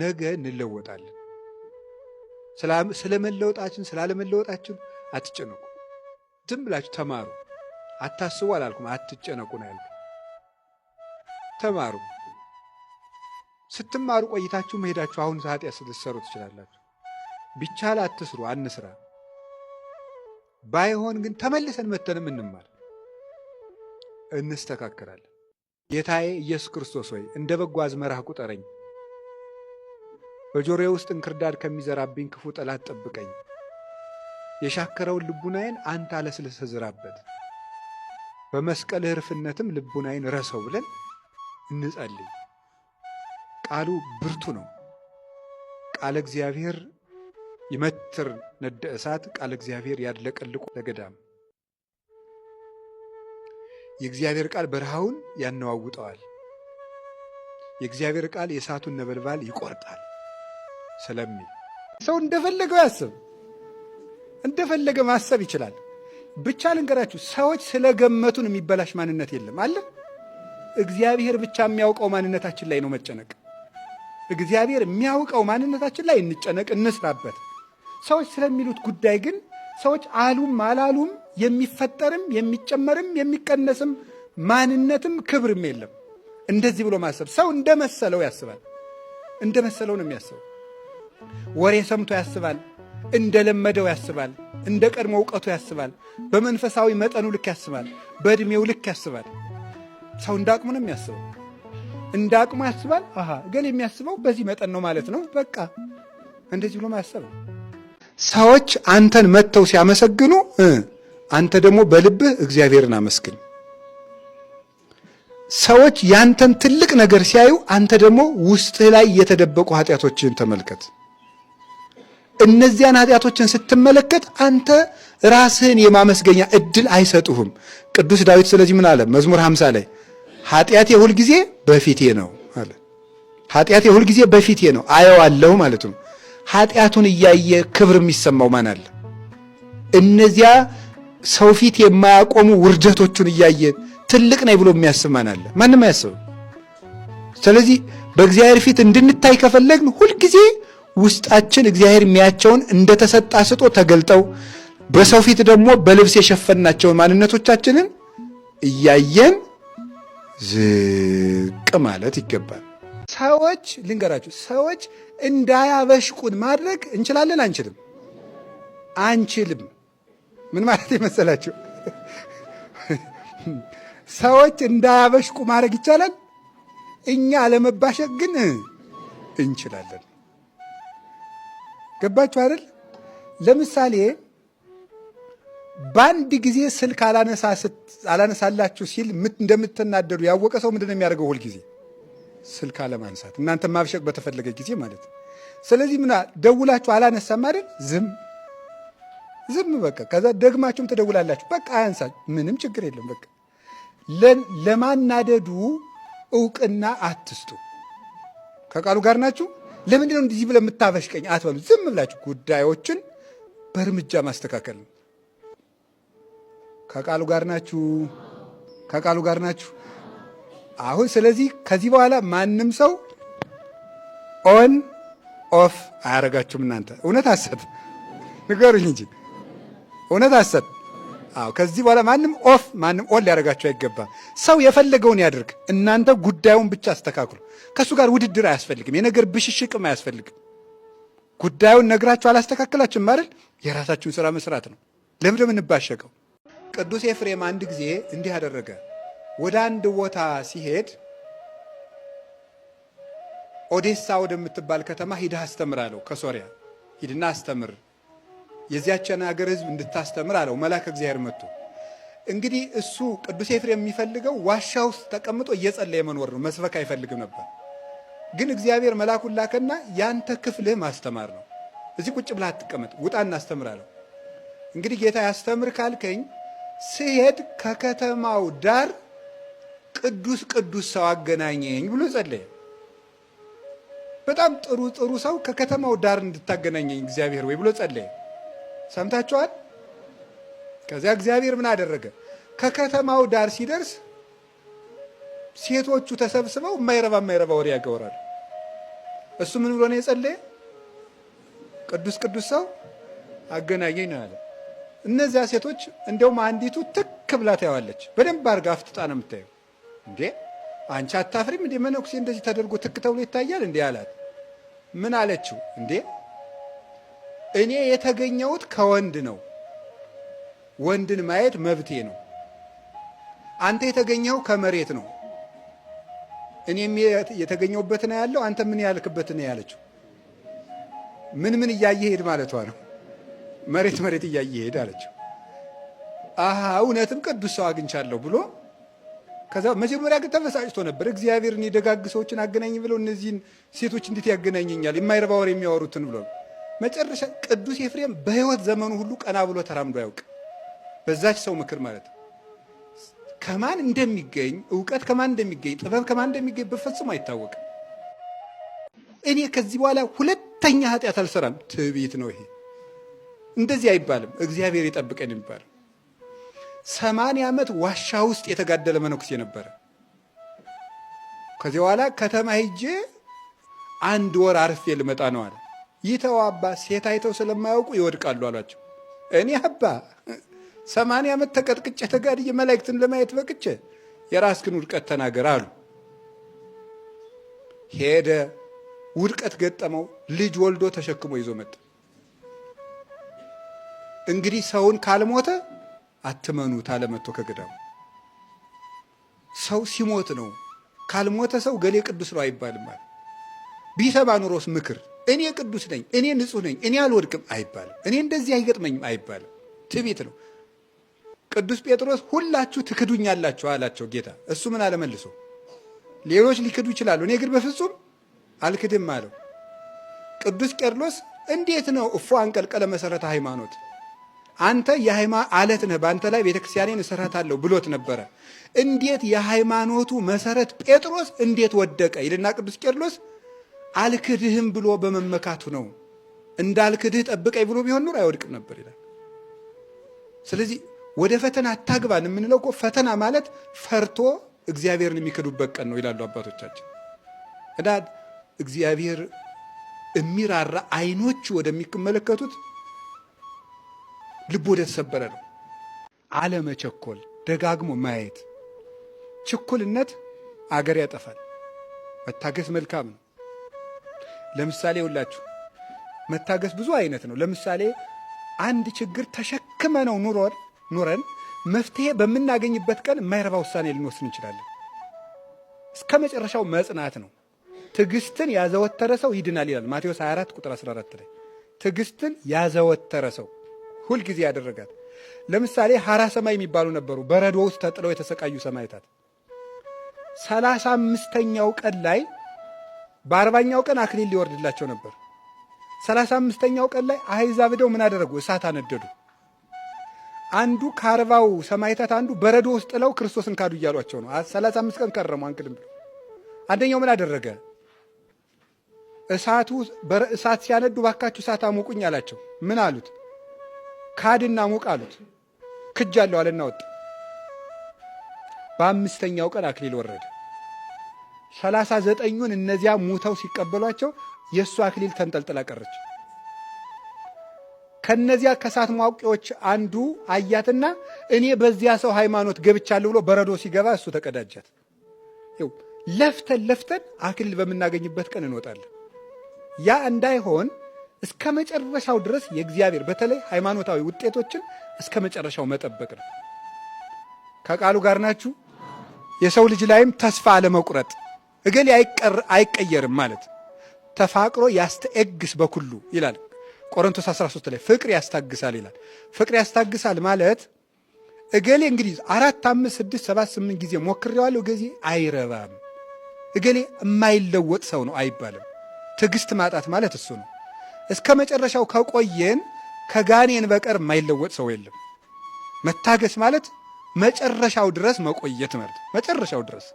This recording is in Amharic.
ነገ እንለወጣለን። ስለመለወጣችን ስላለመለወጣችን አትጨነቁ። ዝም ብላችሁ ተማሩ። አታስቡ አላልኩም፣ አትጨነቁ ነው ያልኩ። ተማሩ። ስትማሩ ቆይታችሁ መሄዳችሁ አሁን ኃጢአት ልትሰሩ ትችላላችሁ። ቢቻል አትስሩ፣ አንስራ። ባይሆን ግን ተመልሰን መተንም እንማር፣ እንስተካከላለን። ጌታዬ ኢየሱስ ክርስቶስ ሆይ እንደ በጎ አዝመራህ ቁጠረኝ። በጆሮ ውስጥ እንክርዳድ ከሚዘራብኝ ክፉ ጠላት ጠብቀኝ። የሻከረውን ልቡናዬን አንተ አለስልሰ ዝራበት፣ በመስቀል እርፍነትም ልቡናዬን ረሰው ብለን እንጸልይ። ቃሉ ብርቱ ነው። ቃለ እግዚአብሔር ይመትር ነደ እሳት፣ ቃለ እግዚአብሔር ያድለቀልቁ ለገዳም። የእግዚአብሔር ቃል በረሃውን ያነዋውጠዋል። የእግዚአብሔር ቃል የእሳቱን ነበልባል ይቆርጣል። ስለሚል ሰው እንደፈለገው ያስብ፣ እንደፈለገ ማሰብ ይችላል። ብቻ ልንገራችሁ፣ ሰዎች ስለገመቱን የሚበላሽ ማንነት የለም አለ። እግዚአብሔር ብቻ የሚያውቀው ማንነታችን ላይ ነው መጨነቅ። እግዚአብሔር የሚያውቀው ማንነታችን ላይ እንጨነቅ፣ እንስራበት። ሰዎች ስለሚሉት ጉዳይ ግን ሰዎች አሉም አላሉም የሚፈጠርም የሚጨመርም የሚቀነስም ማንነትም ክብርም የለም። እንደዚህ ብሎ ማሰብ ሰው እንደመሰለው ያስባል። እንደመሰለው ነው የሚያስበው። ወሬ ሰምቶ ያስባል፣ እንደለመደው ያስባል፣ እንደ ቀድሞ እውቀቱ ያስባል፣ በመንፈሳዊ መጠኑ ልክ ያስባል፣ በዕድሜው ልክ ያስባል። ሰው እንደ አቅሙ ነው የሚያስበው፣ እንደ አቅሙ ያስባል። አሃ እገሌ የሚያስበው በዚህ መጠን ነው ማለት ነው፣ በቃ እንደዚህ ብሎ ማሰብ ሰዎች አንተን መጥተው ሲያመሰግኑ አንተ ደግሞ በልብህ እግዚአብሔርን አመስግን። ሰዎች ያንተን ትልቅ ነገር ሲያዩ አንተ ደግሞ ውስጥህ ላይ የተደበቁ ኃጢአቶችን ተመልከት። እነዚያን ኃጢአቶችን ስትመለከት አንተ ራስህን የማመስገኛ እድል አይሰጡህም። ቅዱስ ዳዊት ስለዚህ ምን አለ? መዝሙር 50 ላይ ኃጢአቴ ሁልጊዜ በፊቴ ነው አለ። ኃጢአቴ ሁልጊዜ በፊቴ ነው አየዋለሁ ማለት ነው። ኃጢአቱን እያየ ክብር የሚሰማው ማን አለ? እነዚያ ሰው ፊት የማያቆሙ ውርደቶቹን እያየ ትልቅ ነኝ ብሎ የሚያስብ ማን አለ? ማንም አያስብም። ስለዚህ በእግዚአብሔር ፊት እንድንታይ ከፈለግን ሁልጊዜ ውስጣችን እግዚአብሔር የሚያቸውን እንደተሰጣ ስጦ ተገልጠው በሰው ፊት ደግሞ በልብስ የሸፈናቸውን ማንነቶቻችንን እያየን ዝቅ ማለት ይገባል። ሰዎች ልንገራችሁ፣ ሰዎች እንዳያበሽቁን ማድረግ እንችላለን? አንችልም? አንችልም። ምን ማለት የመሰላችሁ ሰዎች እንዳያበሽቁ ማድረግ ይቻላል፣ እኛ አለመባሸቅ ግን እንችላለን። ገባችሁ አይደል? ለምሳሌ በአንድ ጊዜ ስልክ አላነሳላችሁ ሲል እንደምትናደዱ ያወቀ ሰው ምንድን ነው የሚያደርገው? ሁልጊዜ ስልክ አለማንሳት፣ እናንተ ማብሸቅ በተፈለገ ጊዜ ማለት ነው። ስለዚህ ምና ደውላችሁ አላነሳም አይደል? ዝም ዝም በቃ። ከዛ ደግማችሁም ትደውላላችሁ፣ በቃ አያንሳ፣ ምንም ችግር የለም በቃ። ለማናደዱ እውቅና አትስጡ። ከቃሉ ጋር ናችሁ። ለምንድን ነው እንዲህ ብለህ የምታበሽቀኝ አትበሉ። ዝም ብላችሁ ጉዳዮችን በእርምጃ ማስተካከል ነው። ከቃሉ ጋር ናችሁ፣ ከቃሉ ጋር ናችሁ። አሁን ስለዚህ ከዚህ በኋላ ማንም ሰው ኦን ኦፍ አያደርጋችሁም። እናንተ እውነት ሐሰት ንገሩኝ እንጂ እውነት ሐሰት አዎ ከዚህ በኋላ ማንም ኦፍ ማንም ኦል ሊያደርጋቸው አይገባም። ሰው የፈለገውን ያድርግ። እናንተ ጉዳዩን ብቻ አስተካክሉ። ከእሱ ጋር ውድድር አያስፈልግም። የነገር ብሽሽቅም አያስፈልግም። ጉዳዩን ነግራችሁ አላስተካከላችሁም አይደል? የራሳችሁን ስራ መስራት ነው። ለምደም እንባሸቀው። ቅዱስ ኤፍሬም አንድ ጊዜ እንዲህ አደረገ። ወደ አንድ ቦታ ሲሄድ ኦዴሳ ወደምትባል ከተማ ሂድህ አስተምር አለው። ከሶሪያ ሂድና አስተምር የዚያችን ሀገር ህዝብ እንድታስተምር አለው መልአከ እግዚአብሔር መጥቶ። እንግዲህ እሱ ቅዱስ ኤፍሬም የሚፈልገው ዋሻ ውስጥ ተቀምጦ እየጸለየ መኖር ነው። መስበክ አይፈልግም ነበር። ግን እግዚአብሔር መልአኩን ላከና ያንተ ክፍልህ ማስተማር ነው። እዚህ ቁጭ ብለህ አትቀመጥ፣ ውጣ እናስተምር አለው። እንግዲህ ጌታ ያስተምር ካልከኝ ስሄድ ከከተማው ዳር ቅዱስ ቅዱስ ሰው አገናኘኝ ብሎ ጸለየ። በጣም ጥሩ ጥሩ ሰው ከከተማው ዳር እንድታገናኘኝ እግዚአብሔር ወይ ብሎ ጸለየ። ሰምታችኋል። ከዚያ እግዚአብሔር ምን አደረገ? ከከተማው ዳር ሲደርስ ሴቶቹ ተሰብስበው የማይረባ የማይረባ ወሬ ያገወራሉ። እሱ ምን ብሎ ነው የጸለየ? ቅዱስ ቅዱስ ሰው አገናኘኝ ነው ያለ። እነዚያ ሴቶች እንደውም አንዲቱ ትክ ብላ ታየዋለች። በደንብ አድርጋ አፍጥጣ ነው የምታየው። እንዴ አንቺ አታፍሪም እንዴ? መነኩሴ እንደዚህ ተደርጎ ትክ ተብሎ ይታያል እንዴ አላት። ምን አለችው? እንዴ እኔ የተገኘሁት ከወንድ ነው። ወንድን ማየት መብቴ ነው። አንተ የተገኘው ከመሬት ነው። እኔም የተገኘሁበት ነው ያለው። አንተ ምን ያልክበት ነው ያለችው። ምን ምን እያየህ ሄድ ማለቷ ነው። መሬት መሬት እያየ ሄድ አለችው። አሀ እውነትም ቅዱስ ሰው አግኝቻለሁ ብሎ ከዛ መጀመሪያ ግን ተበሳጭቶ ነበር። እግዚአብሔር እኔ ደጋግ ሰዎችን አገናኝ ብለው እነዚህን ሴቶች እንዴት ያገናኘኛል የማይረባ ወሬ የሚያወሩትን ብሎ መጨረሻ ቅዱስ ኤፍሬም በህይወት ዘመኑ ሁሉ ቀና ብሎ ተራምዶ አያውቅ። በዛች ሰው ምክር ማለት ነው። ከማን እንደሚገኝ እውቀት ከማን እንደሚገኝ ጥበብ ከማን እንደሚገኝ በፈጽሞ አይታወቅም። እኔ ከዚህ በኋላ ሁለተኛ ኃጢአት አልሰራም። ትዕቢት ነው ይሄ። እንደዚህ አይባልም። እግዚአብሔር ይጠብቀን የሚባል ሰማንያ ዓመት ዋሻ ውስጥ የተጋደለ መነኩሴ ነበረ። ከዚህ በኋላ ከተማ ሄጄ አንድ ወር አርፌ ልመጣ ነው አለ። ይተው አባ፣ ሴት አይተው ስለማያውቁ ይወድቃሉ አሏቸው። እኔ አባ ሰማንያ ዓመት ተቀጥቅጨ ተጋድዬ መላእክትን ለማየት በቅቼ የራስክን ውድቀት ተናገር አሉ። ሄደ፣ ውድቀት ገጠመው። ልጅ ወልዶ ተሸክሞ ይዞ መጣ። እንግዲህ ሰውን ካልሞተ አትመኑት አለመቶ ከገዳሙ። ሰው ሲሞት ነው ካልሞተ ሰው ገሌ ቅዱስ ነው አይባልም ቢሰማ ኑሮስ ምክር እኔ ቅዱስ ነኝ፣ እኔ ንጹህ ነኝ፣ እኔ አልወድቅም አይባልም። እኔ እንደዚህ አይገጥመኝም አይባልም። ትዕቢት ነው። ቅዱስ ጴጥሮስ ሁላችሁ ትክዱኛላችሁ አላቸው ጌታ። እሱ ምን አለመልሶ ሌሎች ሊክዱ ይችላሉ፣ እኔ ግን በፍጹም አልክድም አለው። ቅዱስ ቄርሎስ እንዴት ነው እፎ አንቀልቀለ መሰረተ ሃይማኖት አንተ የሃይማ አለት ነህ፣ በአንተ ላይ ቤተክርስቲያኔን እሰራታለሁ ብሎት ነበረ። እንዴት የሃይማኖቱ መሰረት ጴጥሮስ እንዴት ወደቀ ይልና ቅዱስ ቄርሎስ አልክድህም ብሎ በመመካቱ ነው። እንዳልክድህ ጠብቀኝ ብሎ ቢሆን ኑር አይወድቅም ነበር ይላል። ስለዚህ ወደ ፈተና አታግባን የምንለው እኮ ፈተና ማለት ፈርቶ እግዚአብሔርን የሚክዱበት ቀን ነው ይላሉ አባቶቻችን። እና እግዚአብሔር የሚራራ አይኖች ወደሚመለከቱት ልብ ወደ ተሰበረ ነው። አለመቸኮል፣ ደጋግሞ ማየት። ችኩልነት አገር ያጠፋል። መታገስ መልካም ነው። ለምሳሌ ሁላችሁ መታገስ ብዙ አይነት ነው። ለምሳሌ አንድ ችግር ተሸክመ ነው ኑሮን ኑረን መፍትሄ በምናገኝበት ቀን የማይረባ ውሳኔ ልንወስን እንችላለን። እስከ መጨረሻው መጽናት ነው። ትዕግስትን ያዘወተረ ሰው ይድናል ይላል ማቴዎስ 24 ቁጥር 14 ላይ። ትዕግስትን ያዘወተረ ሰው ሁልጊዜ ያደረጋት። ለምሳሌ ሐራ ሰማይ የሚባሉ ነበሩ፣ በረዶ ውስጥ ተጥለው የተሰቃዩ ሰማይታት ሰላሳ አምስተኛው ቀን ላይ በአርባኛው ቀን አክሊል ሊወርድላቸው ነበር። ሰላሳ አምስተኛው ቀን ላይ አሕዛብ ሄደው ምን አደረጉ? እሳት አነደዱ። አንዱ ከአርባው ሰማይታት አንዱ በረዶ ውስጥ ጥለው ክርስቶስን ካዱ እያሏቸው ነው። ሰላሳ አምስት ቀን ከረሙ አንክድም ብሎ አንደኛው ምን አደረገ? እሳቱ እሳት ሲያነዱ ባካችሁ እሳት አሞቁኝ አላቸው። ምን አሉት? ካድና ሙቅ አሉት። ክጅ አለው አለና ወጣ። በአምስተኛው ቀን አክሊል ወረደ። ሰላሳ ዘጠኙን እነዚያ ሙተው ሲቀበሏቸው የእሱ አክሊል ተንጠልጥላ ቀረች። ከነዚያ ከሳት ማውቂዎች አንዱ አያትና እኔ በዚያ ሰው ሃይማኖት ገብቻለሁ ብሎ በረዶ ሲገባ እሱ ተቀዳጃት። ለፍተን ለፍተን አክሊል በምናገኝበት ቀን እንወጣለን። ያ እንዳይሆን እስከ መጨረሻው ድረስ የእግዚአብሔር በተለይ ሃይማኖታዊ ውጤቶችን እስከ መጨረሻው መጠበቅ ነው። ከቃሉ ጋር ናችሁ። የሰው ልጅ ላይም ተስፋ አለመቁረጥ እገሌ አይቀየርም ማለት ተፋቅሮ ያስተኤግስ በኩሉ ይላል ቆሮንቶስ 13 ላይ ፍቅር ያስታግሳል ይላል። ፍቅር ያስታግሳል ማለት እገሌ እንግዲህ አራት አምስት ስድስት ሰባት ስምንት ጊዜ ሞክሬዋለሁ ጊዜ አይረባም፣ እገሌ የማይለወጥ ሰው ነው አይባልም። ትዕግስት ማጣት ማለት እሱ ነው። እስከ መጨረሻው ከቆየን ከጋኔን በቀር የማይለወጥ ሰው የለም። መታገስ ማለት መጨረሻው ድረስ መቆየት ማለት መጨረሻው ድረስ